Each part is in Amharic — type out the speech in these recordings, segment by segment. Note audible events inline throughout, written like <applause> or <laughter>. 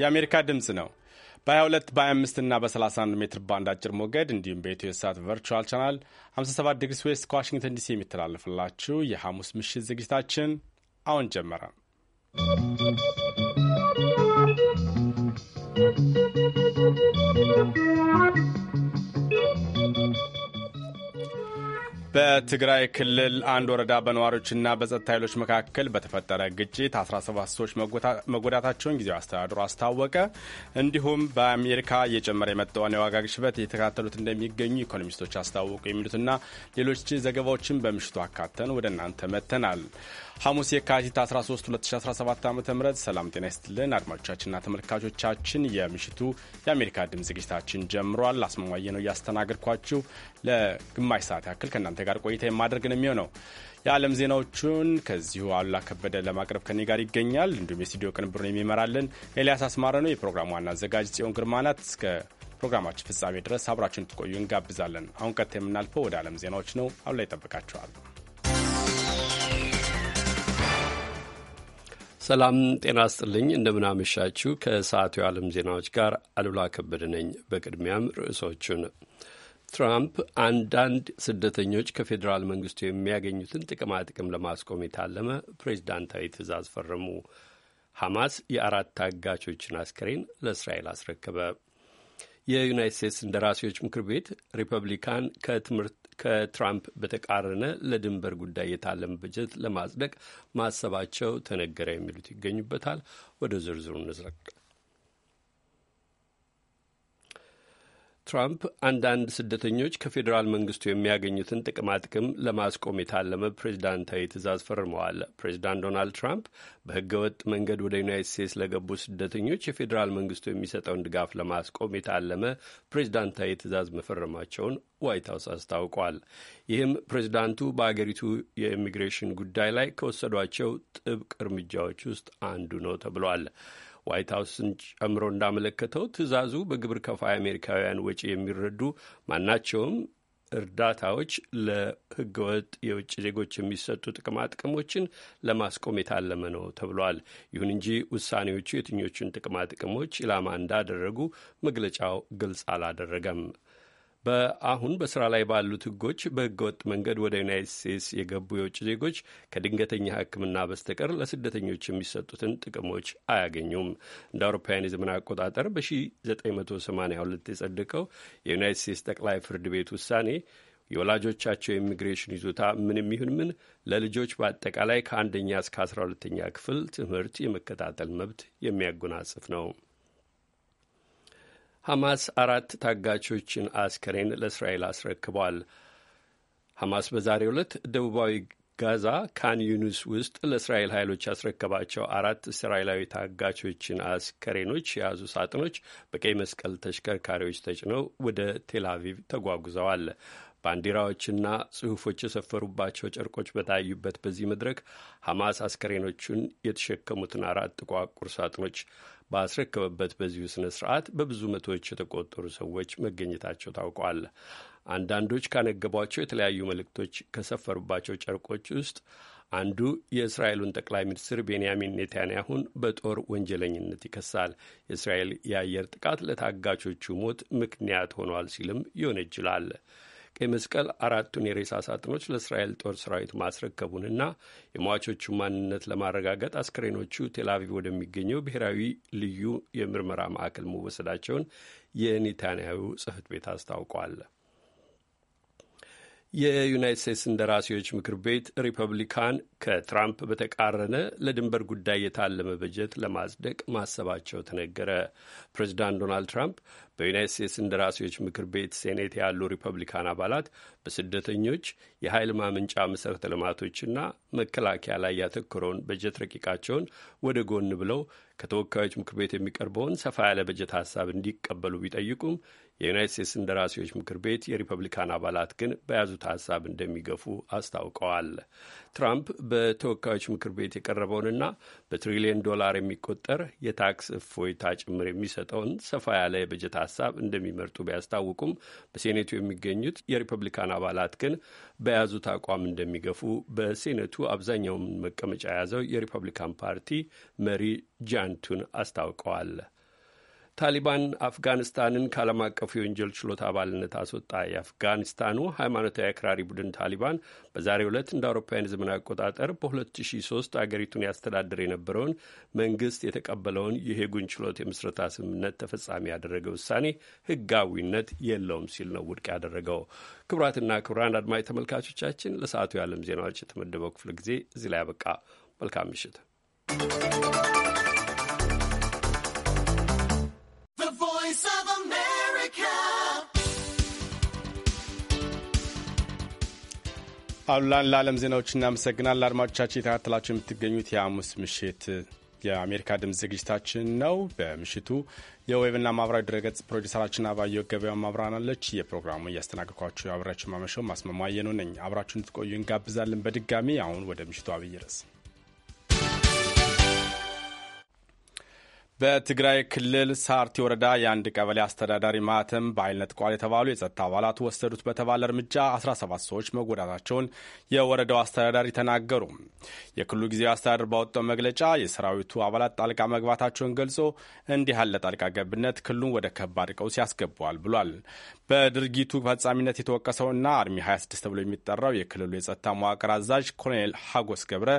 የአሜሪካ ድምፅ ነው። በ22 በ25 እና በ31 ሜትር ባንድ አጭር ሞገድ እንዲሁም በኢትዮ ሳት ቨርቹዋል ቻናል 57 ዲግሪ ስዌስት ከዋሽንግተን ዲሲ የሚተላለፍላችሁ የሐሙስ ምሽት ዝግጅታችን አሁን ጀመረ። በትግራይ ክልል አንድ ወረዳ በነዋሪዎችና በጸጥታ ኃይሎች መካከል በተፈጠረ ግጭት 17 ሰዎች መጎዳታቸውን ጊዜው አስተዳደሩ አስታወቀ። እንዲሁም በአሜሪካ እየጨመረ የመጣውን የዋጋ ግሽበት እየተከታተሉት እንደሚገኙ ኢኮኖሚስቶች አስታወቁ። የሚሉትና ሌሎች ዘገባዎችን በምሽቱ አካተን ወደ እናንተ መጥተናል። ሐሙስ የካቲት 13 2017 ዓ ም ሰላም ጤና ይስጥልን አድማጮቻችንና ተመልካቾቻችን፣ የምሽቱ የአሜሪካ ድምፅ ዝግጅታችን ጀምሯል። አስማማየ ነው እያስተናገድኳችሁ ለግማሽ ሰዓት ያክል ከእናንተ ጋር ቆይታ የማድረግ ነው የሚሆነው። የዓለም ዜናዎቹን ከዚሁ አሉላ ከበደ ለማቅረብ ከኔ ጋር ይገኛል። እንዲሁም የስቱዲዮ ቅንብሩን የሚመራልን ኤልያስ አስማረ ነው። የፕሮግራሙ ዋና አዘጋጅ ጽዮን ግርማ ናት። እስከ ፕሮግራማችን ፍጻሜ ድረስ አብራችሁን ትቆዩ እንጋብዛለን። አሁን ቀጥታ የምናልፈው ወደ ዓለም ዜናዎች ነው። አሉላ ይጠብቃችኋል። ሰላም ጤና ስጥልኝ። እንደምናመሻችሁ። ከሰዓቱ የዓለም ዜናዎች ጋር አሉላ ከበደ ነኝ። በቅድሚያም ርዕሶቹን። ትራምፕ አንዳንድ ስደተኞች ከፌዴራል መንግስቱ የሚያገኙትን ጥቅማ ጥቅም ለማስቆም የታለመ ፕሬዚዳንታዊ ትእዛዝ ፈረሙ። ሐማስ የአራት ታጋቾችን አስከሬን ለእስራኤል አስረከበ። የዩናይት ስቴትስ እንደራሴዎች ምክር ቤት ሪፐብሊካን ከትምህርት ከትራምፕ በተቃረነ ለድንበር ጉዳይ የታለም በጀት ለማጽደቅ ማሰባቸው ተነገረ የሚሉት ይገኙበታል። ወደ ዝርዝሩ እንዝረቅ። ትራምፕ አንዳንድ ስደተኞች ከፌዴራል መንግስቱ የሚያገኙትን ጥቅማ ጥቅም ለማስቆም የታለመ ፕሬዚዳንታዊ ትእዛዝ ፈርመዋል። ፕሬዚዳንት ዶናልድ ትራምፕ በህገወጥ መንገድ ወደ ዩናይት ስቴትስ ለገቡ ስደተኞች የፌዴራል መንግስቱ የሚሰጠውን ድጋፍ ለማስቆም የታለመ ፕሬዚዳንታዊ ትእዛዝ መፈረማቸውን ዋይት ሀውስ አስታውቋል። ይህም ፕሬዚዳንቱ በአገሪቱ የኢሚግሬሽን ጉዳይ ላይ ከወሰዷቸው ጥብቅ እርምጃዎች ውስጥ አንዱ ነው ተብሏል። ዋይት ሀውስን ጨምሮ እንዳመለከተው ትዕዛዙ በግብር ከፋይ አሜሪካውያን ወጪ የሚረዱ ማናቸውም እርዳታዎች ለህገወጥ የውጭ ዜጎች የሚሰጡ ጥቅማ ጥቅሞችን ለማስቆም የታለመ ነው ተብሏል። ይሁን እንጂ ውሳኔዎቹ የትኞቹን ጥቅማ ጥቅሞች ኢላማ እንዳደረጉ መግለጫው ግልጽ አላደረገም። በአሁን በስራ ላይ ባሉት ህጎች በህገወጥ መንገድ ወደ ዩናይት ስቴትስ የገቡ የውጭ ዜጎች ከድንገተኛ ሕክምና በስተቀር ለስደተኞች የሚሰጡትን ጥቅሞች አያገኙም። እንደ አውሮፓውያን የዘመን አቆጣጠር በ1982 የጸደቀው የዩናይት ስቴትስ ጠቅላይ ፍርድ ቤት ውሳኔ የወላጆቻቸው የኢሚግሬሽን ይዞታ ምንም ይሁን ምን ለልጆች በአጠቃላይ ከአንደኛ እስከ አስራ ሁለተኛ ክፍል ትምህርት የመከታተል መብት የሚያጎናጽፍ ነው። ሐማስ አራት ታጋቾችን አስከሬን ለእስራኤል አስረክቧል። ሐማስ በዛሬው ዕለት ደቡባዊ ጋዛ ካን ዩኑስ ውስጥ ለእስራኤል ኃይሎች ያስረከባቸው አራት እስራኤላዊ ታጋቾችን አስከሬኖች የያዙ ሳጥኖች በቀይ መስቀል ተሽከርካሪዎች ተጭነው ወደ ቴል ተጓጉዘዋል። ባንዲራዎችና ጽሑፎች የሰፈሩባቸው ጨርቆች በታዩበት በዚህ መድረክ ሐማስ አስከሬኖቹን የተሸከሙትን አራት ጥቋቁር ሳጥኖች ባስረከበበት በዚሁ ስነ ስርዓት በብዙ መቶዎች የተቆጠሩ ሰዎች መገኘታቸው ታውቋል። አንዳንዶች ካነገቧቸው የተለያዩ መልእክቶች ከሰፈሩባቸው ጨርቆች ውስጥ አንዱ የእስራኤሉን ጠቅላይ ሚኒስትር ቤንያሚን ኔታንያሁን በጦር ወንጀለኝነት ይከሳል። የእስራኤል የአየር ጥቃት ለታጋቾቹ ሞት ምክንያት ሆኗል ሲልም ይወነጅላል። ቀይ መስቀል አራቱን የሬሳ ሳጥኖች ለእስራኤል ጦር ሰራዊት ማስረከቡንና የሟቾቹ ማንነት ለማረጋገጥ አስከሬኖቹ ቴልአቪቭ ወደሚገኘው ብሔራዊ ልዩ የምርመራ ማዕከል መወሰዳቸውን የኔታንያሁ ጽህፈት ቤት አስታውቋል። የዩናይት ስቴትስ እንደራሴዎች ምክር ቤት ሪፐብሊካን ከትራምፕ በተቃረነ ለድንበር ጉዳይ የታለመ በጀት ለማጽደቅ ማሰባቸው ተነገረ። ፕሬዚዳንት ዶናልድ ትራምፕ በዩናይት ስቴትስ እንደራሴዎች ምክር ቤት ሴኔት ያሉ ሪፐብሊካን አባላት በስደተኞች የኃይል ማመንጫ መሠረተ ልማቶችና መከላከያ ላይ ያተኮረውን በጀት ረቂቃቸውን ወደ ጎን ብለው ከተወካዮች ምክር ቤት የሚቀርበውን ሰፋ ያለ በጀት ሀሳብ እንዲቀበሉ ቢጠይቁም የዩናይት ስቴትስ እንደራሴዎች ምክር ቤት የሪፐብሊካን አባላት ግን በያዙት ሀሳብ እንደሚገፉ አስታውቀዋል። ትራምፕ በተወካዮች ምክር ቤት የቀረበውንና በትሪሊየን ዶላር የሚቆጠር የታክስ እፎይታ ጭምር የሚሰጠውን ሰፋ ያለ የበጀት ሀሳብ እንደሚመርጡ ቢያስታውቁም በሴኔቱ የሚገኙት የሪፐብሊካን አባላት ግን በያዙት አቋም እንደሚገፉ በሴኔቱ አብዛኛውን መቀመጫ የያዘው የሪፐብሊካን ፓርቲ መሪ ጃንቱን አስታውቀዋል። ታሊባን አፍጋኒስታንን ከዓለም አቀፉ የወንጀል ችሎት አባልነት አስወጣ። የአፍጋኒስታኑ ሃይማኖታዊ አክራሪ ቡድን ታሊባን በዛሬው ዕለት እንደ አውሮፓውያን ዘመን አቆጣጠር በ2003 አገሪቱን ያስተዳድር የነበረውን መንግስት የተቀበለውን የሄጉን ችሎት የምስረታ ስምምነት ተፈጻሚ ያደረገ ውሳኔ ህጋዊነት የለውም ሲል ነው ውድቅ ያደረገው። ክቡራትና ክቡራን አድማጭ ተመልካቾቻችን ለሰዓቱ የዓለም ዜናዎች የተመደበው ክፍለ ጊዜ እዚህ ላይ ያበቃ። መልካም ምሽት። አሉላን ለዓለም ዜናዎች እናመሰግናል። አድማጮቻችን የተካተላቸው የምትገኙት የሐሙስ ምሽት የአሜሪካ ድምፅ ዝግጅታችን ነው። በምሽቱ የዌብና ማህበራዊ ድረገጽ ፕሮዲሰራችን አባየው ገበያ ማብራናለች። የፕሮግራሙ እያስተናገድኳችሁ አብሬያችሁ ማመሸው ማስማማየኑ ነኝ። አብራችሁ እንድትቆዩ እንጋብዛለን። በድጋሚ አሁን ወደ ምሽቱ አብይ ርዕስ በትግራይ ክልል ሳርቲ ወረዳ የአንድ ቀበሌ አስተዳዳሪ ማህተም በኃይል ነጥቋል የተባሉ የጸጥታ አባላት ወሰዱት በተባለ እርምጃ 17 ሰዎች መጎዳታቸውን የወረዳው አስተዳዳሪ ተናገሩ። የክልሉ ጊዜያዊ አስተዳደር ባወጣው መግለጫ የሰራዊቱ አባላት ጣልቃ መግባታቸውን ገልጾ እንዲህ ያለ ጣልቃ ገብነት ክልሉን ወደ ከባድ ቀውስ ያስገባዋል ብሏል። በድርጊቱ ፈጻሚነት የተወቀሰውና አርሚ 26 ተብሎ የሚጠራው የክልሉ የጸጥታ መዋቅር አዛዥ ኮሎኔል ሀጎስ ገብረ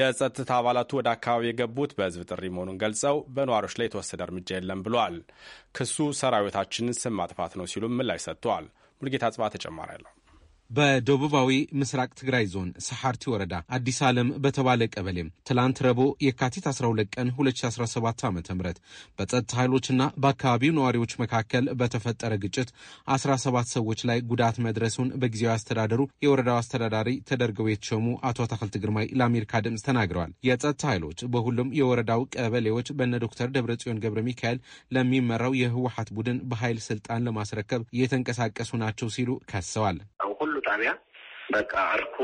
የጸጥታ አባላቱ ወደ አካባቢ የገቡት በህዝብ ጥሪ መሆኑን ገልጸው በኗ ነዋሪዎች ላይ የተወሰደ እርምጃ የለም ብለዋል። ክሱ ሰራዊታችንን ስም ማጥፋት ነው ሲሉም ምላሽ ሰጥተዋል። ሙልጌታ ጽባ ተጨማሪ ያለው በደቡባዊ ምስራቅ ትግራይ ዞን ሰሓርቲ ወረዳ አዲስ ዓለም በተባለ ቀበሌ ትላንት ረቡዕ የካቲት 12 ቀን 2017 ዓ ም በጸጥታ ኃይሎችና በአካባቢው ነዋሪዎች መካከል በተፈጠረ ግጭት 17 ሰዎች ላይ ጉዳት መድረሱን በጊዜያዊ አስተዳደሩ የወረዳው አስተዳዳሪ ተደርገው የተሾሙ አቶ ተክልት ግርማይ ለአሜሪካ ድምፅ ተናግረዋል። የጸጥታ ኃይሎች በሁሉም የወረዳው ቀበሌዎች በነ ዶክተር ደብረጽዮን ገብረ ሚካኤል ለሚመራው የህወሀት ቡድን በኃይል ስልጣን ለማስረከብ እየተንቀሳቀሱ ናቸው ሲሉ ከሰዋል። ጣቢያ በቃ አርኮ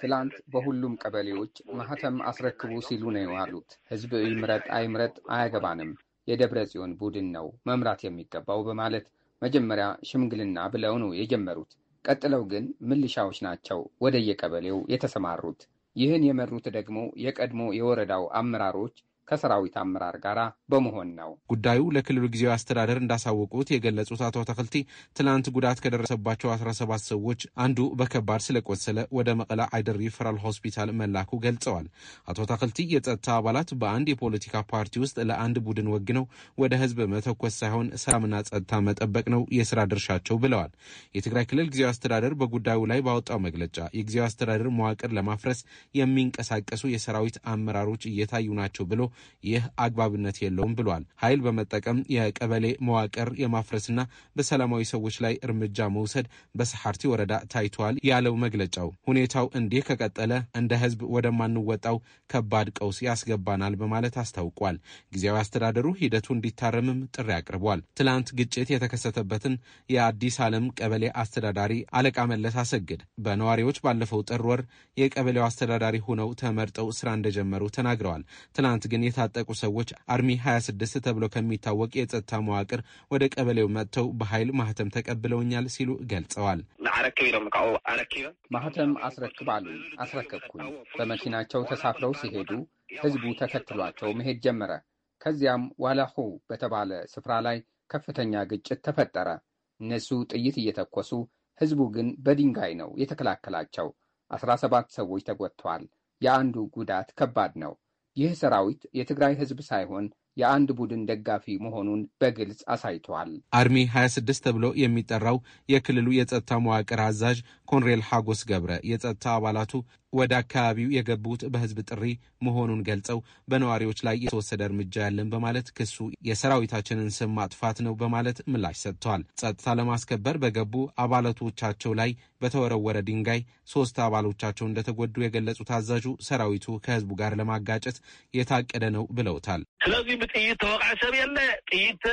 ትላንት በሁሉም ቀበሌዎች ማህተም አስረክቡ ሲሉ ነው የዋሉት። ህዝብ ይምረጥ አይምረጥ አያገባንም፣ የደብረ ጽዮን ቡድን ነው መምራት የሚገባው በማለት መጀመሪያ ሽምግልና ብለው ነው የጀመሩት። ቀጥለው ግን ምልሻዎች ናቸው ወደየቀበሌው የተሰማሩት። ይህን የመሩት ደግሞ የቀድሞ የወረዳው አመራሮች ከሰራዊት አመራር ጋር በመሆን ነው። ጉዳዩ ለክልሉ ጊዜያዊ አስተዳደር እንዳሳወቁት የገለጹት አቶ ተክልቲ ትናንት ጉዳት ከደረሰባቸው 17 ሰዎች አንዱ በከባድ ስለቆሰለ ወደ መቀላ አይደር ሪፈራል ሆስፒታል መላኩ ገልጸዋል። አቶ ተክልቲ የጸጥታ አባላት በአንድ የፖለቲካ ፓርቲ ውስጥ ለአንድ ቡድን ወግነው ወደ ህዝብ መተኮስ ሳይሆን ሰላምና ጸጥታ መጠበቅ ነው የስራ ድርሻቸው ብለዋል። የትግራይ ክልል ጊዜያዊ አስተዳደር በጉዳዩ ላይ ባወጣው መግለጫ የጊዜያዊ አስተዳደር መዋቅር ለማፍረስ የሚንቀሳቀሱ የሰራዊት አመራሮች እየታዩ ናቸው ብሎ ይህ አግባብነት የለውም ብሏል። ኃይል በመጠቀም የቀበሌ መዋቅር የማፍረስና በሰላማዊ ሰዎች ላይ እርምጃ መውሰድ በሰሓርቲ ወረዳ ታይቷል ያለው መግለጫው ሁኔታው እንዲህ ከቀጠለ እንደ ህዝብ ወደማንወጣው ከባድ ቀውስ ያስገባናል በማለት አስታውቋል። ጊዜያዊ አስተዳደሩ ሂደቱ እንዲታረምም ጥሪ አቅርቧል። ትላንት ግጭት የተከሰተበትን የአዲስ ዓለም ቀበሌ አስተዳዳሪ አለቃ መለስ አሰግድ በነዋሪዎች ባለፈው ጥር ወር የቀበሌው አስተዳዳሪ ሆነው ተመርጠው ስራ እንደጀመሩ ተናግረዋል። ትናንት ግን ግን የታጠቁ ሰዎች አርሚ 26 ተብሎ ከሚታወቅ የጸጥታ መዋቅር ወደ ቀበሌው መጥተው በኃይል ማህተም ተቀብለውኛል ሲሉ ገልጸዋል። ማህተም አስረክባሉ አስረከብኩኝ። በመኪናቸው ተሳፍረው ሲሄዱ ህዝቡ ተከትሏቸው መሄድ ጀመረ። ከዚያም ዋላሁ በተባለ ስፍራ ላይ ከፍተኛ ግጭት ተፈጠረ። እነሱ ጥይት እየተኮሱ ህዝቡ ግን በድንጋይ ነው የተከላከላቸው። አስራ ሰባት ሰዎች ተጎድተዋል። የአንዱ ጉዳት ከባድ ነው። ይህ ሰራዊት የትግራይ ህዝብ ሳይሆን የአንድ ቡድን ደጋፊ መሆኑን በግልጽ አሳይተዋል። አርሚ 26 ተብሎ የሚጠራው የክልሉ የጸጥታ መዋቅር አዛዥ ኮንሬል ሐጎስ ገብረ የጸጥታ አባላቱ ወደ አካባቢው የገቡት በህዝብ ጥሪ መሆኑን ገልጸው በነዋሪዎች ላይ የተወሰደ እርምጃ ያለን በማለት ክሱ የሰራዊታችንን ስም ማጥፋት ነው በማለት ምላሽ ሰጥተዋል። ጸጥታ ለማስከበር በገቡ አባላቶቻቸው ላይ በተወረወረ ድንጋይ ሶስት አባሎቻቸው እንደተጎዱ የገለጹት አዛዡ ሰራዊቱ ከህዝቡ ጋር ለማጋጨት የታቀደ ነው ብለውታል። ስለዚህ በጥይት ተወቃ ሰብ የለ ጥይት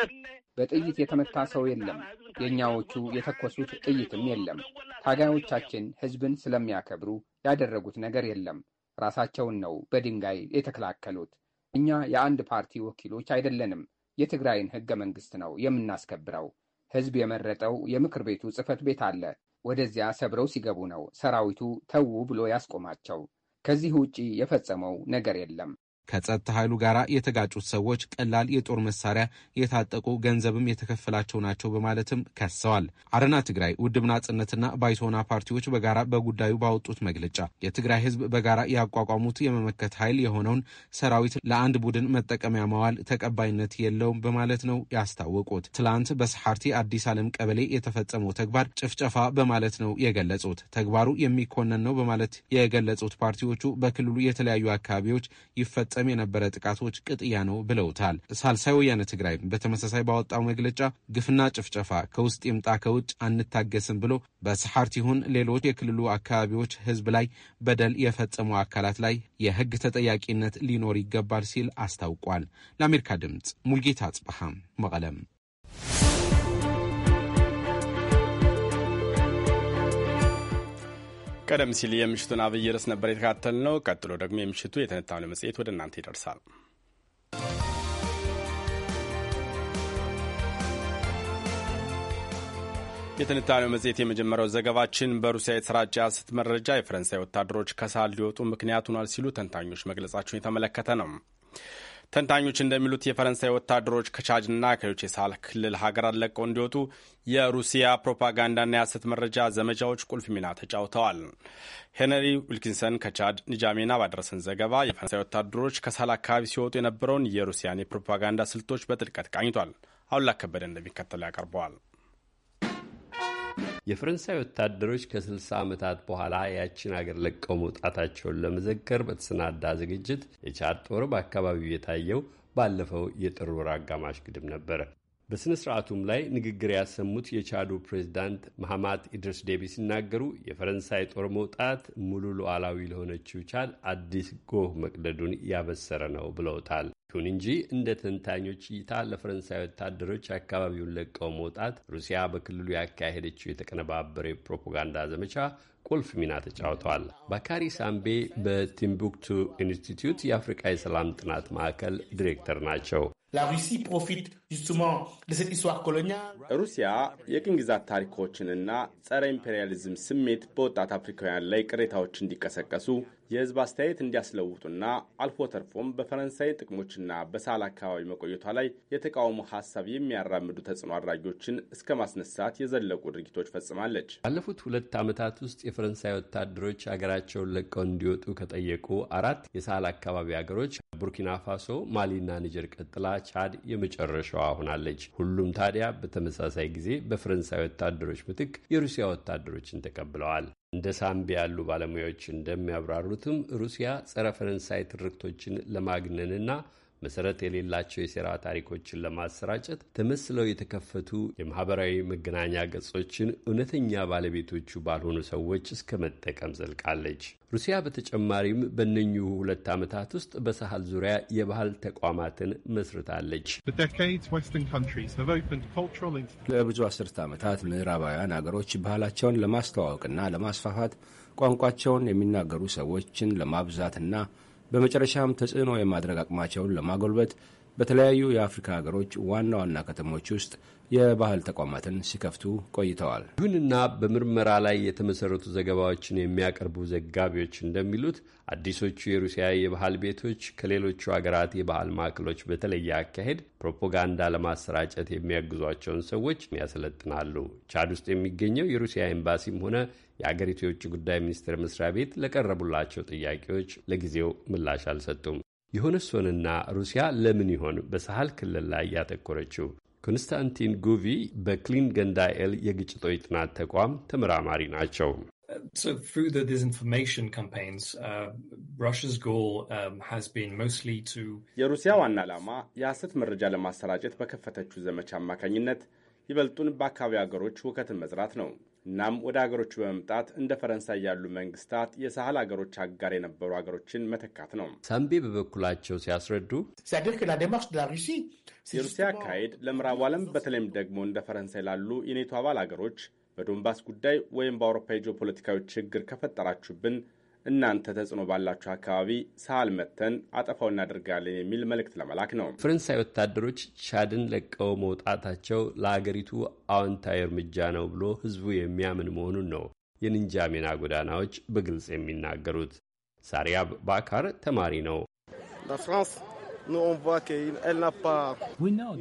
በጥይት የተመታ ሰው የለም። የእኛዎቹ የተኮሱት ጥይትም የለም። ታጋዮቻችን ህዝብን ስለሚያከብሩ ያደረጉት ነገር የለም። ራሳቸውን ነው በድንጋይ የተከላከሉት። እኛ የአንድ ፓርቲ ወኪሎች አይደለንም። የትግራይን ህገ መንግስት ነው የምናስከብረው። ህዝብ የመረጠው የምክር ቤቱ ጽህፈት ቤት አለ። ወደዚያ ሰብረው ሲገቡ ነው ሰራዊቱ ተዉ ብሎ ያስቆማቸው። ከዚህ ውጪ የፈጸመው ነገር የለም። ከጸጥታ ኃይሉ ጋር የተጋጩት ሰዎች ቀላል የጦር መሳሪያ የታጠቁ ገንዘብም የተከፈላቸው ናቸው በማለትም ከሰዋል። አረና ትግራይ፣ ውድብ ናጽነትና ባይቶና ፓርቲዎች በጋራ በጉዳዩ ባወጡት መግለጫ የትግራይ ህዝብ በጋራ ያቋቋሙት የመመከት ኃይል የሆነውን ሰራዊት ለአንድ ቡድን መጠቀሚያ መዋል ተቀባይነት የለውም በማለት ነው ያስታወቁት። ትላንት በሰሓርቲ አዲስ ዓለም ቀበሌ የተፈጸመው ተግባር ጭፍጨፋ በማለት ነው የገለጹት። ተግባሩ የሚኮነን ነው በማለት የገለጹት ፓርቲዎቹ በክልሉ የተለያዩ አካባቢዎች ይፈጸ ሲፈጸም የነበረ ጥቃቶች ቅጥያ ነው ብለውታል። ሳልሳይ ወያነ ትግራይ በተመሳሳይ ባወጣው መግለጫ ግፍና ጭፍጨፋ ከውስጥ ይምጣ ከውጭ አንታገስም ብሎ በሰሓርት ይሁን ሌሎች የክልሉ አካባቢዎች ህዝብ ላይ በደል የፈጸሙ አካላት ላይ የህግ ተጠያቂነት ሊኖር ይገባል ሲል አስታውቋል። ለአሜሪካ ድምፅ ሙልጌታ አጽበሃ መቀለም ቀደም ሲል የምሽቱን አብይ ርዕስ ነበር ነው። ቀጥሎ ደግሞ የምሽቱ የትንታኔው መጽሔት ወደ እናንተ ይደርሳል። የትንታኔው መጽሔት የመጀመሪያው ዘገባችን በሩሲያ የተሰራጨ የሐሰት መረጃ የፈረንሳይ ወታደሮች ከሳል ሊወጡ ምክንያት ሆኗል ሲሉ ተንታኞች መግለጻቸውን የተመለከተ ነው። ተንታኞች እንደሚሉት የፈረንሳይ ወታደሮች ከቻድና ከዩቼ ሳህል ክልል ሀገራት ለቀው እንዲወጡ የሩሲያ ፕሮፓጋንዳና የሐሰት መረጃ ዘመቻዎች ቁልፍ ሚና ተጫውተዋል። ሄነሪ ዊልኪንሰን ከቻድ ንጃሜና ባደረሰን ዘገባ የፈረንሳይ ወታደሮች ከሳል አካባቢ ሲወጡ የነበረውን የሩሲያን የፕሮፓጋንዳ ስልቶች በጥልቀት ቃኝቷል። አሉላ ከበደ እንደሚከተለው ያቀርበዋል። የፈረንሳይ ወታደሮች ከ60 ዓመታት በኋላ ያችን አገር ለቀው መውጣታቸውን ለመዘከር በተሰናዳ ዝግጅት የቻድ ጦር በአካባቢው የታየው ባለፈው የጥር ወር አጋማሽ ግድም ነበር። በሥነ ሥርዓቱም ላይ ንግግር ያሰሙት የቻዱ ፕሬዚዳንት መሐማት ኢድርስ ዴቢ ሲናገሩ የፈረንሳይ ጦር መውጣት ሙሉ ሉዓላዊ ለሆነችው ቻድ አዲስ ጎህ መቅደዱን ያበሰረ ነው ብለውታል። ይሁን እንጂ እንደ ተንታኞች እይታ ለፈረንሳይ ወታደሮች አካባቢውን ለቀው መውጣት ሩሲያ በክልሉ ያካሄደችው የተቀነባበረ ፕሮፓጋንዳ ዘመቻ ቁልፍ ሚና ተጫውተዋል። ባካሪ ሳምቤ በቲምቡክቱ ኢንስቲትዩት የአፍሪቃ የሰላም ጥናት ማዕከል ዲሬክተር ናቸው። La Russie profite justement de cette histoire coloniale. ሩሲያ የቅኝ ግዛት ታሪኮችንና ጸረ ኢምፔሪያሊዝም ስሜት በወጣት አፍሪካውያን ላይ ቅሬታዎች እንዲቀሰቀሱ የህዝብ አስተያየት እንዲያስለውጡና አልፎ ተርፎም በፈረንሳይ ጥቅሞችና በሳህል አካባቢ መቆየቷ ላይ የተቃውሞ ሀሳብ የሚያራምዱ ተጽዕኖ አድራጊዎችን እስከ ማስነሳት የዘለቁ ድርጊቶች ፈጽማለች። ባለፉት ሁለት ዓመታት ውስጥ የፈረንሳይ ወታደሮች ሀገራቸውን ለቀው እንዲወጡ ከጠየቁ አራት የሳል አካባቢ ሀገሮች ቡርኪና ፋሶ፣ ማሊና ኒጀር ቀጥላ ቻድ የመጨረሻዋ ሆናለች። ሁሉም ታዲያ በተመሳሳይ ጊዜ በፈረንሳይ ወታደሮች ምትክ የሩሲያ ወታደሮችን ተቀብለዋል። እንደ ሳምቢ ያሉ ባለሙያዎች እንደሚያብራሩትም ሩሲያ ጸረ ፈረንሳይ ትርክቶችን ለማግነንና መሰረት የሌላቸው የሴራ ታሪኮችን ለማሰራጨት ተመስለው የተከፈቱ የማህበራዊ መገናኛ ገጾችን እውነተኛ ባለቤቶቹ ባልሆኑ ሰዎች እስከ መጠቀም ዘልቃለች። ሩሲያ በተጨማሪም በእነኚሁ ሁለት ዓመታት ውስጥ በሳህል ዙሪያ የባህል ተቋማትን መስርታለች። ለብዙ አስርት ዓመታት ምዕራባውያን አገሮች ባህላቸውን ለማስተዋወቅና ለማስፋፋት ቋንቋቸውን የሚናገሩ ሰዎችን ለማብዛትና በመጨረሻም ተጽዕኖ የማድረግ አቅማቸውን ለማጎልበት በተለያዩ የአፍሪካ ሀገሮች ዋና ዋና ከተሞች ውስጥ የባህል ተቋማትን ሲከፍቱ ቆይተዋል። ይሁንና በምርመራ ላይ የተመሰረቱ ዘገባዎችን የሚያቀርቡ ዘጋቢዎች እንደሚሉት አዲሶቹ የሩሲያ የባህል ቤቶች ከሌሎቹ ሀገራት የባህል ማዕከሎች በተለየ አካሄድ ፕሮፓጋንዳ ለማሰራጨት የሚያግዟቸውን ሰዎች ያሰለጥናሉ። ቻድ ውስጥ የሚገኘው የሩሲያ ኤምባሲም ሆነ የአገሪቱ የውጭ ጉዳይ ሚኒስቴር መስሪያ ቤት ለቀረቡላቸው ጥያቄዎች ለጊዜው ምላሽ አልሰጡም። ሶንና ሩሲያ ለምን ይሆን በሳህል ክልል ላይ ያተኮረችው? ኮንስታንቲን ጉቪ በክሊን ገንዳኤል የግጭቶች ጥናት ተቋም ተመራማሪ ናቸው። uh, um, የሩሲያ ዋና ዓላማ የሐሰት መረጃ ለማሰራጨት በከፈተችው ዘመቻ አማካኝነት ይበልጡን በአካባቢ ሀገሮች ውከትን መዝራት ነው። እናም ወደ አገሮቹ በመምጣት እንደ ፈረንሳይ ያሉ መንግስታት የሳህል አገሮች አጋር የነበሩ አገሮችን መተካት ነው። ሳምቤ በበኩላቸው ሲያስረዱ የሩሲያ አካሄድ ለምዕራቡ ዓለም በተለይም ደግሞ እንደ ፈረንሳይ ላሉ የኔቶ አባል አገሮች በዶንባስ ጉዳይ ወይም በአውሮፓ የጂኦፖለቲካዊ ችግር ከፈጠራችሁብን እናንተ ተጽዕኖ ባላችሁ አካባቢ ሳህል መጥተን አጠፋው እናደርጋለን የሚል መልእክት ለመላክ ነው። ፈረንሳይ ወታደሮች ቻድን ለቀው መውጣታቸው ለአገሪቱ አዎንታዊ እርምጃ ነው ብሎ ህዝቡ የሚያምን መሆኑን ነው የንንጃ ሜና ጎዳናዎች በግልጽ የሚናገሩት። ሳሪያብ ባካር ተማሪ ነው።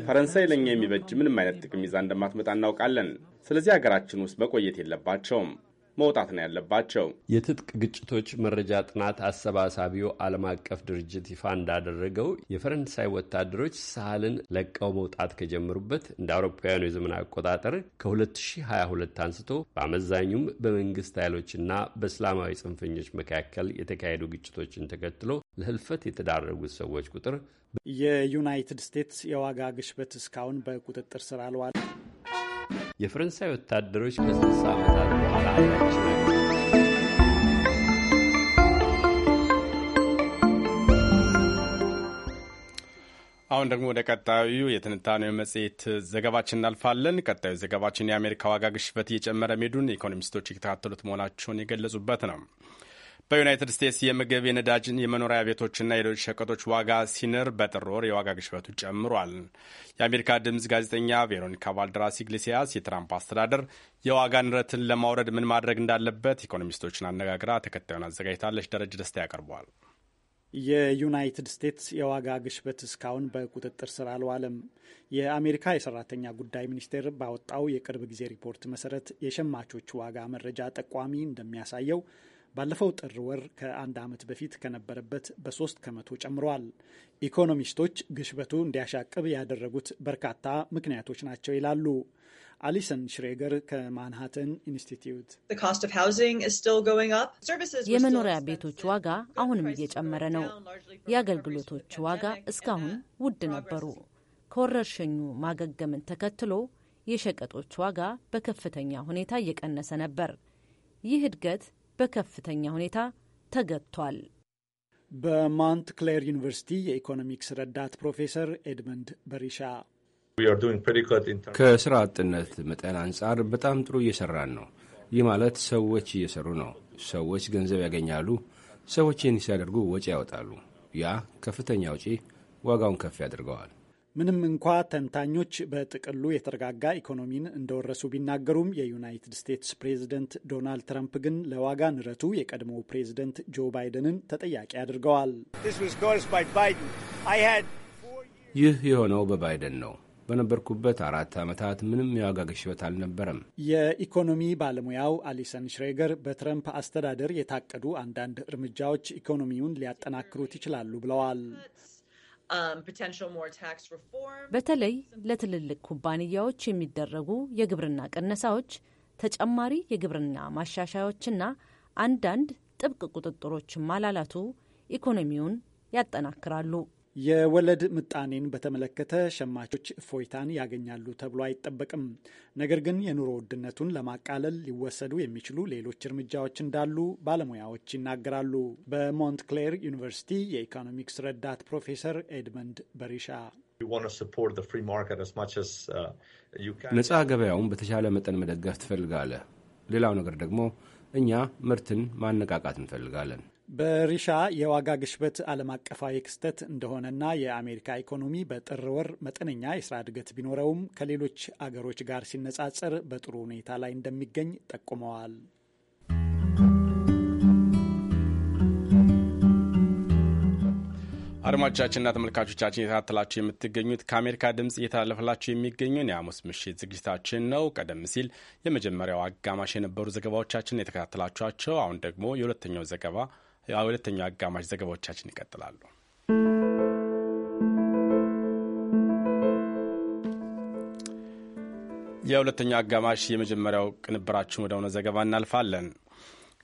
ፈረንሳይ ለእኛ የሚበጅ ምንም አይነት ጥቅም ይዛ እንደማትመጣ እናውቃለን። ስለዚህ ሀገራችን ውስጥ መቆየት የለባቸውም። መውጣት ነው ያለባቸው። የትጥቅ ግጭቶች መረጃ ጥናት አሰባሳቢው ዓለም አቀፍ ድርጅት ይፋ እንዳደረገው የፈረንሳይ ወታደሮች ሳህልን ለቀው መውጣት ከጀመሩበት እንደ አውሮፓውያኑ የዘመን አቆጣጠር ከ2022 አንስቶ በአመዛኙም በመንግስት ኃይሎችና በእስላማዊ ጽንፈኞች መካከል የተካሄዱ ግጭቶችን ተከትሎ ለህልፈት የተዳረጉት ሰዎች ቁጥር የዩናይትድ ስቴትስ የዋጋ ግሽበት እስካሁን በቁጥጥር ስር አልዋል። የፈረንሳይ ወታደሮች ከ60 ዓመታት በኋላ አሁን ደግሞ ወደ ቀጣዩ የትንታኔው መጽሔት ዘገባችን እናልፋለን። ቀጣዩ ዘገባችን የአሜሪካ ዋጋ ግሽበት እየጨመረ መሄዱን ኢኮኖሚስቶች የተካተሉት መሆናቸውን የገለጹበት ነው። በዩናይትድ ስቴትስ የምግብ የነዳጅን የመኖሪያ ቤቶችና የሌሎች ሸቀጦች ዋጋ ሲንር በጥር ወር የዋጋ ግሽበቱ ጨምሯል። የአሜሪካ ድምፅ ጋዜጠኛ ቬሮኒካ ቫልደራስ ሲግሊሲያስ የትራምፕ አስተዳደር የዋጋ ንረትን ለማውረድ ምን ማድረግ እንዳለበት ኢኮኖሚስቶችን አነጋግራ ተከታዩን አዘጋጅታለች። ደረጀ ደስታ ያቀርበዋል። የዩናይትድ ስቴትስ የዋጋ ግሽበት እስካሁን በቁጥጥር ስር አልዋለም። የአሜሪካ የሰራተኛ ጉዳይ ሚኒስቴር ባወጣው የቅርብ ጊዜ ሪፖርት መሰረት የሸማቾች ዋጋ መረጃ ጠቋሚ እንደሚያሳየው ባለፈው ጥር ወር ከአንድ ዓመት በፊት ከነበረበት በሶስት ከመቶ ጨምረዋል። ኢኮኖሚስቶች ግሽበቱ እንዲያሻቅብ ያደረጉት በርካታ ምክንያቶች ናቸው ይላሉ። አሊሰን ሽሬገር ከማንሃተን ኢንስቲትዩት የመኖሪያ ቤቶች ዋጋ አሁንም እየጨመረ ነው። የአገልግሎቶች ዋጋ እስካሁን ውድ ነበሩ። ከወረርሽኙ ማገገምን ተከትሎ የሸቀጦች ዋጋ በከፍተኛ ሁኔታ እየቀነሰ ነበር። ይህ እድገት በከፍተኛ ሁኔታ ተገጥቷል። በማንት ክሌር ዩኒቨርሲቲ የኢኮኖሚክስ ረዳት ፕሮፌሰር ኤድመንድ በሪሻ ከስራ አጥነት መጠን አንጻር በጣም ጥሩ እየሰራን ነው። ይህ ማለት ሰዎች እየሰሩ ነው። ሰዎች ገንዘብ ያገኛሉ። ሰዎች ይህን ሲያደርጉ ወጪ ያወጣሉ። ያ ከፍተኛ ወጪ ዋጋውን ከፍ ያደርገዋል። ምንም እንኳ ተንታኞች በጥቅሉ የተረጋጋ ኢኮኖሚን እንደወረሱ ቢናገሩም የዩናይትድ ስቴትስ ፕሬዝደንት ዶናልድ ትራምፕ ግን ለዋጋ ንረቱ የቀድሞው ፕሬዝደንት ጆ ባይደንን ተጠያቂ አድርገዋል። ይህ የሆነው በባይደን ነው። በነበርኩበት አራት ዓመታት ምንም የዋጋ ግሽበት አልነበረም። የኢኮኖሚ ባለሙያው አሊሰን ሽሬገር በትረምፕ አስተዳደር የታቀዱ አንዳንድ እርምጃዎች ኢኮኖሚውን ሊያጠናክሩት ይችላሉ ብለዋል። Um, በተለይ ለትልልቅ ኩባንያዎች የሚደረጉ የግብርና ቅነሳዎች፣ ተጨማሪ የግብርና ማሻሻያዎችና አንዳንድ ጥብቅ ቁጥጥሮች ማላላቱ ኢኮኖሚውን ያጠናክራሉ። የወለድ ምጣኔን በተመለከተ ሸማቾች እፎይታን ያገኛሉ ተብሎ አይጠበቅም። ነገር ግን የኑሮ ውድነቱን ለማቃለል ሊወሰዱ የሚችሉ ሌሎች እርምጃዎች እንዳሉ ባለሙያዎች ይናገራሉ። በሞንትክሌር ዩኒቨርሲቲ የኢኮኖሚክስ ረዳት ፕሮፌሰር ኤድመንድ በሪሻ uh, ነፃ ገበያውን በተሻለ መጠን መደገፍ ትፈልጋለህ። ሌላው ነገር ደግሞ እኛ ምርትን ማነቃቃት እንፈልጋለን። በሪሻ የዋጋ ግሽበት ዓለም አቀፋዊ ክስተት እንደሆነና የአሜሪካ ኢኮኖሚ በጥር ወር መጠነኛ የስራ እድገት ቢኖረውም ከሌሎች አገሮች ጋር ሲነጻጸር በጥሩ ሁኔታ ላይ እንደሚገኝ ጠቁመዋል። አድማጮቻችንና ተመልካቾቻችን የተከታተላችሁ የምትገኙት ከአሜሪካ ድምፅ እየተላለፈላችሁ የሚገኘውን የሐሙስ ምሽት ዝግጅታችን ነው። ቀደም ሲል የመጀመሪያው አጋማሽ የነበሩ ዘገባዎቻችን የተከታተላችኋቸው። አሁን ደግሞ የሁለተኛው ዘገባ የሁለተኛው አጋማሽ ዘገባዎቻችን ይቀጥላሉ። የሁለተኛው አጋማሽ የመጀመሪያው ቅንብራችን ወደ ሆነ ዘገባ እናልፋለን።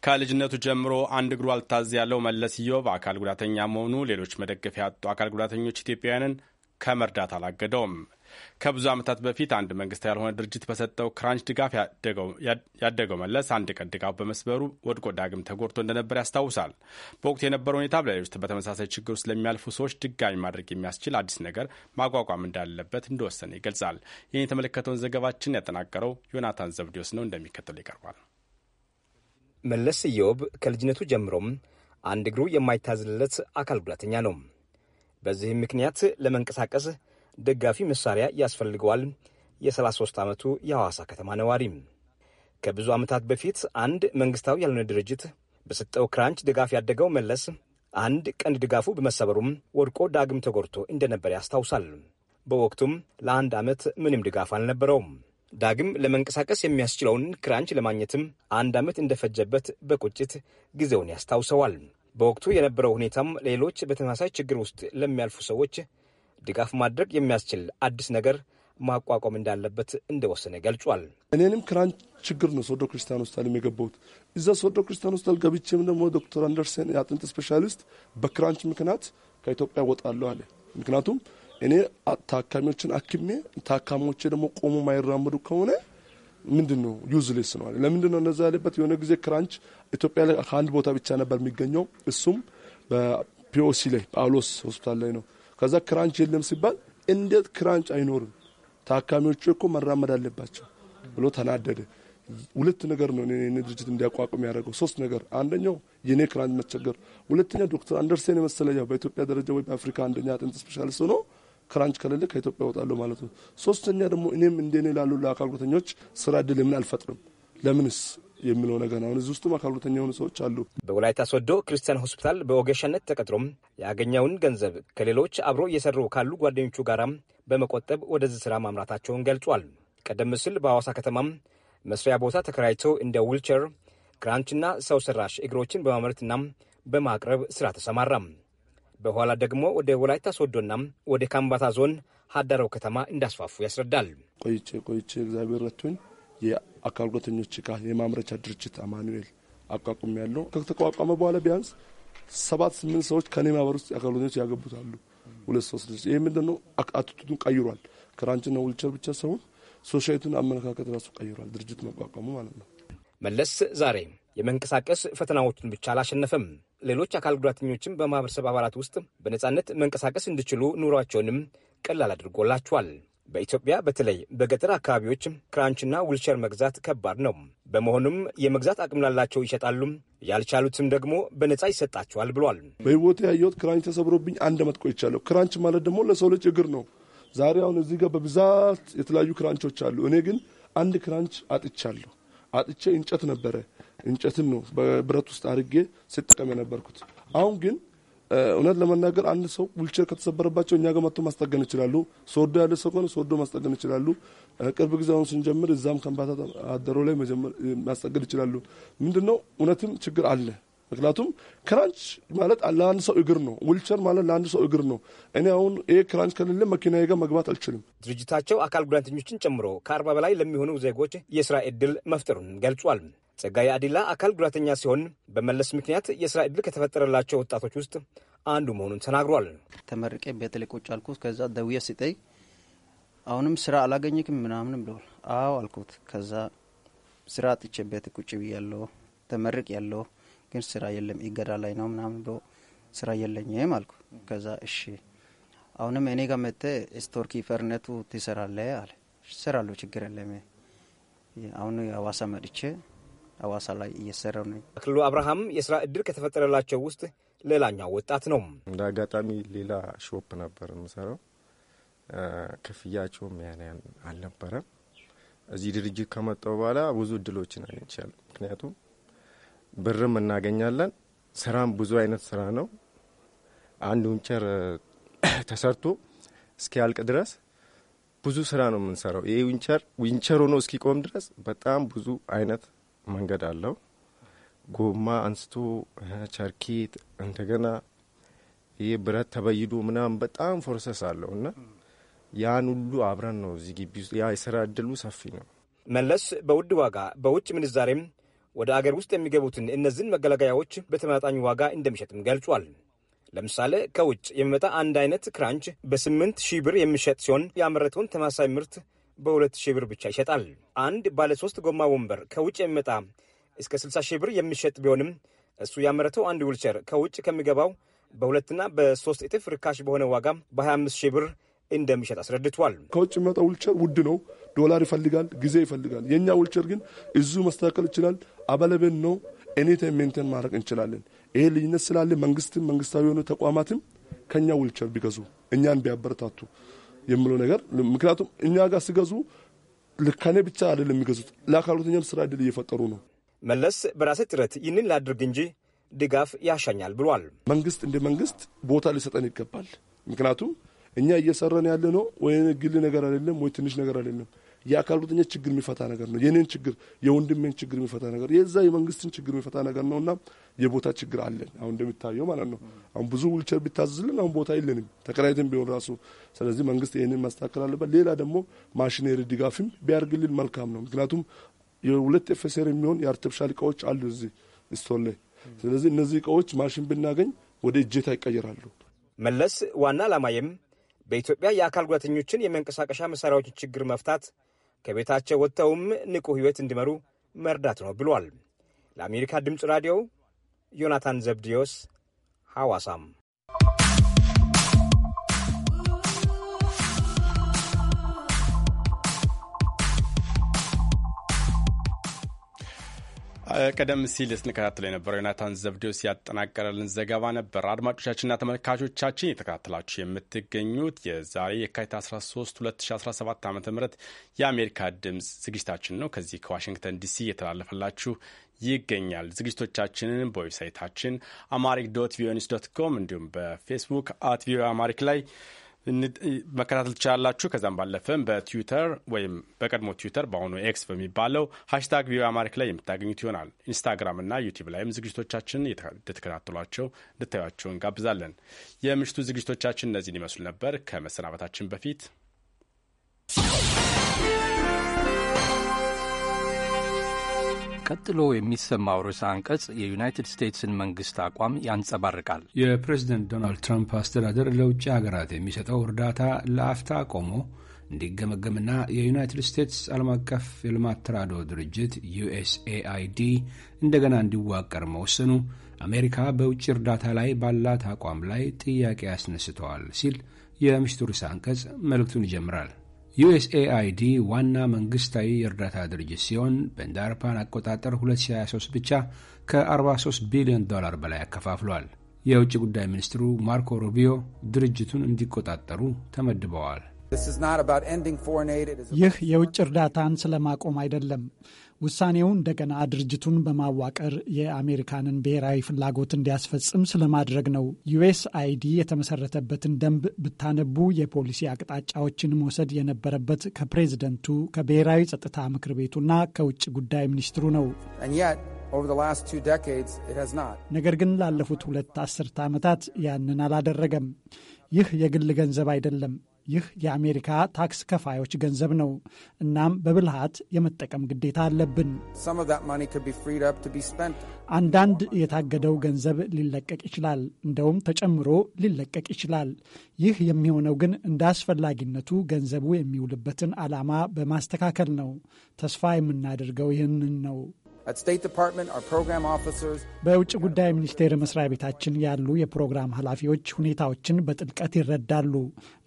ከልጅነቱ ጀምሮ አንድ እግሩ አልታዝ ያለው መለስ ዮብ አካል ጉዳተኛ መሆኑ ሌሎች መደገፊያ ያጡ አካል ጉዳተኞች ኢትዮጵያውያንን ከመርዳት አላገደውም። ከብዙ ዓመታት በፊት አንድ መንግስት ያልሆነ ድርጅት በሰጠው ክራንች ድጋፍ ያደገው መለስ አንድ ቀን ድጋፍ በመስበሩ ወድቆ ዳግም ተጎድቶ እንደነበር ያስታውሳል። በወቅቱ የነበረው ሁኔታ በሌሎች በተመሳሳይ ችግር ውስጥ ለሚያልፉ ሰዎች ድጋሚ ማድረግ የሚያስችል አዲስ ነገር ማቋቋም እንዳለበት እንደወሰነ ይገልጻል። ይህን የተመለከተውን ዘገባችን ያጠናቀረው ዮናታን ዘብዲዮስ ነው፣ እንደሚከተሉ ይቀርባል። መለስ ኢዮብ ከልጅነቱ ጀምሮም አንድ እግሩ የማይታዝለት አካል ጉዳተኛ ነው። በዚህም ምክንያት ለመንቀሳቀስ ደጋፊ መሳሪያ ያስፈልገዋል። የ33 ዓመቱ የሐዋሳ ከተማ ነዋሪ ከብዙ ዓመታት በፊት አንድ መንግሥታዊ ያልሆነ ድርጅት በሰጠው ክራንች ድጋፍ ያደገው መለስ አንድ ቀንድ ድጋፉ በመሰበሩም ወድቆ ዳግም ተጎድቶ እንደነበር ያስታውሳል። በወቅቱም ለአንድ ዓመት ምንም ድጋፍ አልነበረውም። ዳግም ለመንቀሳቀስ የሚያስችለውን ክራንች ለማግኘትም አንድ ዓመት እንደፈጀበት በቁጭት ጊዜውን ያስታውሰዋል። በወቅቱ የነበረው ሁኔታም ሌሎች በተመሳሳይ ችግር ውስጥ ለሚያልፉ ሰዎች ድጋፍ ማድረግ የሚያስችል አዲስ ነገር ማቋቋም እንዳለበት እንደወሰነ ገልጿል። እኔንም ክራን ችግር ነው ሶዶ ክርስቲያን ሆስፒታል የገባሁት። እዛ ሶዶ ክርስቲያን ሆስፒታል ገብቼም ደግሞ ዶክተር አንደርሰን የአጥንት ስፔሻሊስት በክራንች ምክንያት ከኢትዮጵያ ወጣለሁ አለ። ምክንያቱም እኔ ታካሚዎችን አክሜ ታካሚዎች ደግሞ ቆሞ ማይራመዱ ከሆነ ምንድን ነው ዩዝሌስ ነው አለ። ለምንድን ነው እነዛ ያለበት? የሆነ ጊዜ ክራንች ኢትዮጵያ ላይ ከአንድ ቦታ ብቻ ነበር የሚገኘው እሱም በፒኦሲ ላይ ጳውሎስ ሆስፒታል ላይ ነው ከዛ ክራንች የለም ሲባል እንዴት ክራንች አይኖርም ታካሚዎቹ እኮ መራመድ አለባቸው ብሎ ተናደደ። ሁለት ነገር ነው እኔ ድርጅት እንዲያቋቁም ያደረገው ሶስት ነገር። አንደኛው የኔ ክራንች መቸገር፣ ሁለተኛው ዶክተር አንደርሴን የመሰለ ያው በኢትዮጵያ ደረጃ ወይ በአፍሪካ አንደኛ አጥንት ስፔሻሊስት ሆኖ ክራንች ከሌለ ከኢትዮጵያ እወጣለሁ ማለት ነው። ሶስተኛ ደግሞ እኔም እንደኔ ላሉ ለአካል ጉዳተኞች ስራ እድል ለምን አልፈጥርም? ለምንስ የሚለው ነገር ነው። እዚህ ውስጥም አካል ጉዳተኛ የሆኑ ሰዎች አሉ። በወላይታ ሶዶ ክርስቲያን ሆስፒታል በወገሸነት ተቀጥሮም ያገኘውን ገንዘብ ከሌሎች አብሮ እየሰሩ ካሉ ጓደኞቹ ጋራ በመቆጠብ ወደዚህ ስራ ማምራታቸውን ገልጿል። ቀደም ሲል በሐዋሳ ከተማም መስሪያ ቦታ ተከራይቶ እንደ ዊልቸር ክራንችና ሰው ሰራሽ እግሮችን በማምረትና በማቅረብ ስራ ተሰማራም። በኋላ ደግሞ ወደ ወላይታ ሶዶና ወደ ካምባታ ዞን ሀዳረው ከተማ እንዳስፋፉ ያስረዳል። ቆይቼ ቆይቼ እግዚአብሔር ረቱኝ የአካል ጉዳተኞች እቃ የማምረቻ ድርጅት አማኑኤል አቋቁም ያለው ከተቋቋመ በኋላ ቢያንስ ሰባት ስምንት ሰዎች ከኔ ማህበር ውስጥ የአካል ጉዳተኞች ያገቡታሉ። ሁለት ሶስት ልጅ ይህ ምንድን ነው አትቱቱን ቀይሯል። ክራንችና ውልቸር ብቻ ሳይሆን ሶሻይቱን አመለካከት ራሱ ቀይሯል። ድርጅት መቋቋሙ ማለት ነው። መለስ ዛሬ የመንቀሳቀስ ፈተናዎቹን ብቻ አላሸነፈም። ሌሎች አካል ጉዳተኞችም በማህበረሰብ አባላት ውስጥ በነጻነት መንቀሳቀስ እንዲችሉ ኑሯቸውንም ቀላል አድርጎላቸዋል። በኢትዮጵያ በተለይ በገጠር አካባቢዎች ክራንችና ዊልቸር መግዛት ከባድ ነው። በመሆኑም የመግዛት አቅም ላላቸው ይሸጣሉ፣ ያልቻሉትም ደግሞ በነጻ ይሰጣቸዋል ብሏል። በህይወት ያየሁት ክራንች ተሰብሮብኝ አንድ ዓመት ቆይቻለሁ። ክራንች ማለት ደግሞ ለሰው ልጅ እግር ነው። ዛሬ አሁን እዚህ ጋር በብዛት የተለያዩ ክራንቾች አሉ። እኔ ግን አንድ ክራንች አጥቻለሁ። አጥቼ እንጨት ነበረ። እንጨትን ነው በብረት ውስጥ አድርጌ ስጠቀም የነበርኩት። አሁን ግን እውነት ለመናገር አንድ ሰው ዊልቸር ከተሰበረባቸው እኛ ጋር መጥቶ ማስጠገን ይችላሉ። ሶዶ ያለ ሰው ከሆነ ሶዶ ማስጠገን ይችላሉ። ቅርብ ጊዜ አሁን ስንጀምር እዛም ከንባታ አደሮ ላይ ማስጠገን ይችላሉ። ምንድነው እውነትም ችግር አለ። ምክንያቱም ክራንች ማለት ለአንድ ሰው እግር ነው። ዊልቸር ማለት ለአንድ ሰው እግር ነው። እኔ አሁን ይሄ ክራንች ከሌለ መኪና ጋር መግባት አልችልም። ድርጅታቸው አካል ጉዳተኞችን ጨምሮ ከአርባ በላይ ለሚሆኑ ዜጎች የስራ ዕድል መፍጠሩን ገልጿል። ጸጋዬ አዲላ አካል ጉዳተኛ ሲሆን በመለስ ምክንያት የስራ ዕድል ከተፈጠረላቸው ወጣቶች ውስጥ አንዱ መሆኑን ተናግሯል። ተመርቄ ቤት ቁጭ አልኩት። ከዛ ደውዬ ሲጠይቅ አሁንም ስራ አላገኘክም ምናምን ብለዋል። አዎ አልኩት። ከዛ ስራ አጥቼ ቤት ቁጭ ብያለሁ ተመርቄ ያለሁ ግን ስራ የለም ይገዳ ላይ ነው ምናምን ብሎ ስራ የለኝም አልኩ። ከዛ እሺ አሁንም እኔ ጋር መጥተህ ስቶር ኪፐርነቱ ትሰራለ አለ። እሰራለሁ ችግር የለም። አሁን አዋሳ መጥቼ አዋሳ ላይ እየሰራው ነኝ። አክልሉ አብርሃም የስራ እድል ከተፈጠረላቸው ውስጥ ሌላኛው ወጣት ነው። እንደ አጋጣሚ ሌላ ሾፕ ነበር የምሰራው። ክፍያቸውም ያን ያን አልነበረም። እዚህ ድርጅት ከመጣው በኋላ ብዙ እድሎችን አግኝቻለሁ። ምክንያቱም ብርም እናገኛለን። ስራም ብዙ አይነት ስራ ነው። አንድ ዊንቸር <clears throat> ተሰርቶ እስኪያልቅ ድረስ ብዙ ስራ ነው የምንሰራው። ይህ ዊንቸር ዊንቸር ሆኖ እስኪቆም ድረስ በጣም ብዙ አይነት መንገድ አለው። ጎማ አንስቶ ቸርኬት፣ እንደገና ይህ ብረት ተበይዶ ምናምን በጣም ፎርሰስ አለው እና ያን ሁሉ አብረን ነው እዚህ ግቢ ውስጥ ያ የስራ እድሉ ሰፊ ነው። መለስ በውድ ዋጋ በውጭ ምንዛሬም ወደ አገር ውስጥ የሚገቡትን እነዚህን መገለገያዎች በተመጣጣኝ ዋጋ እንደሚሸጥም ገልጿል። ለምሳሌ ከውጭ የሚመጣ አንድ አይነት ክራንች በስምንት ሺህ ብር የሚሸጥ ሲሆን ያመረተውን ተመሳሳይ ምርት በሁለት ሺህ ብር ብቻ ይሸጣል። አንድ ባለ ሶስት ጎማ ወንበር ከውጭ የሚመጣ እስከ 60 ሺህ ብር የሚሸጥ ቢሆንም እሱ ያመረተው አንድ ዊልቸር ከውጭ ከሚገባው በሁለትና በሶስት እጥፍ ርካሽ በሆነ ዋጋ በ25 ሺህ ብር እንደሚሸጥ አስረድቷል። ከውጭ የሚመጣው ውልቸር ውድ ነው። ዶላር ይፈልጋል፣ ጊዜ ይፈልጋል። የእኛ ውልቸር ግን እዙ መስተካከል ይችላል። አበለቤን ነው ኤኒታይም ሜንቴን ማድረግ እንችላለን። ይሄ ልዩነት ስላለ መንግስትም መንግስታዊ የሆኑ ተቋማትም ከእኛ ውልቸር ቢገዙ እኛን ቢያበረታቱ የምለው ነገር ምክንያቱም እኛ ጋር ሲገዙ ልካኔ ብቻ አይደለም የሚገዙት ለአካሎተኛም ስራ እድል እየፈጠሩ ነው። መለስ በራሴ ጥረት ይህንን ላድርግ እንጂ ድጋፍ ያሻኛል ብሏል። መንግስት እንደ መንግስት ቦታ ሊሰጠን ይገባል። ምክንያቱም እኛ እየሰራን ያለ ነው ወይ ግል ነገር አይደለም ወይ ትንሽ ነገር አይደለም። የአካል ጉዳተኛ ችግር የሚፈታ ነገር ነው። የኔን ችግር፣ የወንድሜን ችግር የሚፈታ ነገር፣ የዛ የመንግስትን ችግር የሚፈታ ነገር ነው እና የቦታ ችግር አለን። አሁን እንደሚታየው ማለት ነው። አሁን ብዙ ውልቸር ቢታዘዝልን አሁን ቦታ የለንም ተከራይተን ቢሆን ራሱ። ስለዚህ መንግስት ይህንን ማስተካከል አለበት። ሌላ ደግሞ ማሽነሪ ድጋፍም ቢያርግልን መልካም ነው። ምክንያቱም የሁለት ኤፌሴር የሚሆን የአርቲፊሻል እቃዎች አሉ እዚህ ስቶር ላይ። ስለዚህ እነዚህ እቃዎች ማሽን ብናገኝ ወደ እጀታ ይቀየራሉ። መለስ ዋና ዓላማዬም በኢትዮጵያ የአካል ጉዳተኞችን የመንቀሳቀሻ መሳሪያዎች ችግር መፍታት ከቤታቸው ወጥተውም ንቁ ሕይወት እንዲመሩ መርዳት ነው ብሏል። ለአሜሪካ ድምፅ ራዲዮ ዮናታን ዘብድዮስ ሐዋሳም ቀደም ሲል ስንከታተለው የነበረው ዮናታን ዘብዴዎስ ያጠናቀረልን ዘገባ ነበር። አድማጮቻችንና ተመልካቾቻችን የተከታተላችሁ የምትገኙት የዛሬ የካቲት 13 2017 ዓ ም የአሜሪካ ድምፅ ዝግጅታችን ነው። ከዚህ ከዋሽንግተን ዲሲ የተላለፈላችሁ ይገኛል። ዝግጅቶቻችንን በዌብሳይታችን አማሪክ ዶት ቪኦኤ ኒውስ ዶት ኮም እንዲሁም በፌስቡክ አት ቪኦኤ አማሪክ ላይ መከታተል ትችላላችሁ። ከዛም ባለፈም በትዊተር ወይም በቀድሞ ትዊተር በአሁኑ ኤክስ በሚባለው ሀሽታግ ቪኦኤ አማሪክ ላይ የምታገኙት ይሆናል። ኢንስታግራም እና ዩቲብ ላይም ዝግጅቶቻችን እንደተከታተሏቸው እንድታዩቸው እንጋብዛለን። የምሽቱ ዝግጅቶቻችን እነዚህን ይመስሉ ነበር። ከመሰናበታችን በፊት ቀጥሎ የሚሰማው ርዕሰ አንቀጽ የዩናይትድ ስቴትስን መንግስት አቋም ያንጸባርቃል። የፕሬዝደንት ዶናልድ ትራምፕ አስተዳደር ለውጭ ሀገራት የሚሰጠው እርዳታ ለአፍታ ቆሞ እንዲገመገምና የዩናይትድ ስቴትስ ዓለም አቀፍ የልማት ተራድኦ ድርጅት ዩኤስኤአይዲ እንደገና እንዲዋቀር መወሰኑ አሜሪካ በውጭ እርዳታ ላይ ባላት አቋም ላይ ጥያቄ ያስነስተዋል ሲል የምሽቱ ርዕሰ አንቀጽ መልእክቱን ይጀምራል። ዩኤስኤአይዲ ዋና መንግስታዊ የእርዳታ ድርጅት ሲሆን በእንደ አቆጣጠር 2023 ብቻ ከ43 ቢሊዮን ዶላር በላይ አከፋፍሏል። የውጭ ጉዳይ ሚኒስትሩ ማርኮ ሩቢዮ ድርጅቱን እንዲቆጣጠሩ ተመድበዋል። ይህ የውጭ እርዳታን ስለማቆም አይደለም። ውሳኔው እንደገና ድርጅቱን በማዋቀር የአሜሪካንን ብሔራዊ ፍላጎት እንዲያስፈጽም ስለማድረግ ነው። ዩኤስ አይዲ የተመሰረተበትን ደንብ ብታነቡ የፖሊሲ አቅጣጫዎችን መውሰድ የነበረበት ከፕሬዝደንቱ ከብሔራዊ ጸጥታ ምክር ቤቱና ከውጭ ጉዳይ ሚኒስትሩ ነው። ነገር ግን ላለፉት ሁለት አስርተ ዓመታት ያንን አላደረገም። ይህ የግል ገንዘብ አይደለም። ይህ የአሜሪካ ታክስ ከፋዮች ገንዘብ ነው። እናም በብልሃት የመጠቀም ግዴታ አለብን። አንዳንድ የታገደው ገንዘብ ሊለቀቅ ይችላል፣ እንደውም ተጨምሮ ሊለቀቅ ይችላል። ይህ የሚሆነው ግን እንደ አስፈላጊነቱ ገንዘቡ የሚውልበትን ዓላማ በማስተካከል ነው። ተስፋ የምናደርገው ይህንን ነው። በውጭ ጉዳይ ሚኒስቴር መስሪያ ቤታችን ያሉ የፕሮግራም ኃላፊዎች ሁኔታዎችን በጥልቀት ይረዳሉ።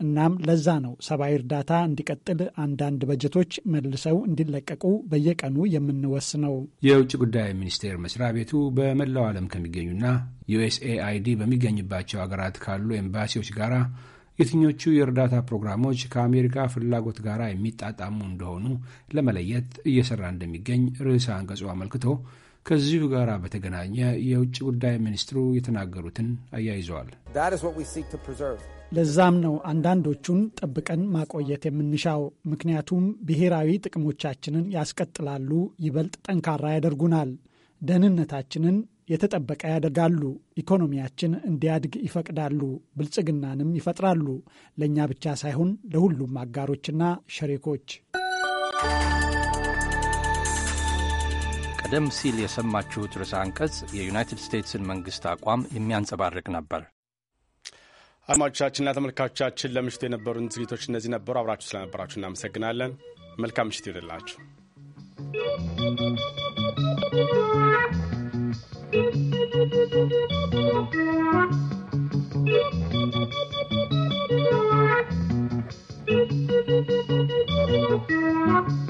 እናም ለዛ ነው ሰብአዊ እርዳታ እንዲቀጥል አንዳንድ በጀቶች መልሰው እንዲለቀቁ በየቀኑ የምንወስነው። የውጭ ጉዳይ ሚኒስቴር መስሪያ ቤቱ በመላው ዓለም ከሚገኙና ዩኤስኤአይዲ በሚገኝባቸው ሀገራት ካሉ ኤምባሲዎች ጋራ የትኞቹ የእርዳታ ፕሮግራሞች ከአሜሪካ ፍላጎት ጋር የሚጣጣሙ እንደሆኑ ለመለየት እየሰራ እንደሚገኝ ርዕሰ አንቀጹ አመልክቶ ከዚሁ ጋር በተገናኘ የውጭ ጉዳይ ሚኒስትሩ የተናገሩትን አያይዘዋል። ለዛም ነው አንዳንዶቹን ጠብቀን ማቆየት የምንሻው። ምክንያቱም ብሔራዊ ጥቅሞቻችንን ያስቀጥላሉ፣ ይበልጥ ጠንካራ ያደርጉናል፣ ደህንነታችንን የተጠበቀ ያደርጋሉ። ኢኮኖሚያችን እንዲያድግ ይፈቅዳሉ፣ ብልጽግናንም ይፈጥራሉ። ለእኛ ብቻ ሳይሆን ለሁሉም አጋሮችና ሸሪኮች። ቀደም ሲል የሰማችሁት ርዕሰ አንቀጽ የዩናይትድ ስቴትስን መንግስት አቋም የሚያንጸባርቅ ነበር። አድማጮቻችንና ተመልካቾቻችን ለምሽቱ የነበሩን ዝግጅቶች እነዚህ ነበሩ። አብራችሁ ስለነበራችሁ እናመሰግናለን። መልካም ምሽት ይደላችሁ። Thank you.